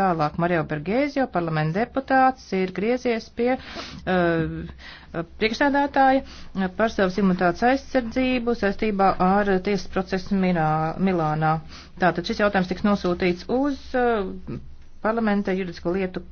Tālāk Mario Bergēzio, parlamenta deputāts, ir griezies pie uh, priekšsēdētāja par savas imunitātes aizsardzību saistībā ar tiesas procesu Mirā, Milānā. Tātad šis jautājums tiks nosūtīts uz uh, parlamenta juridisko lietu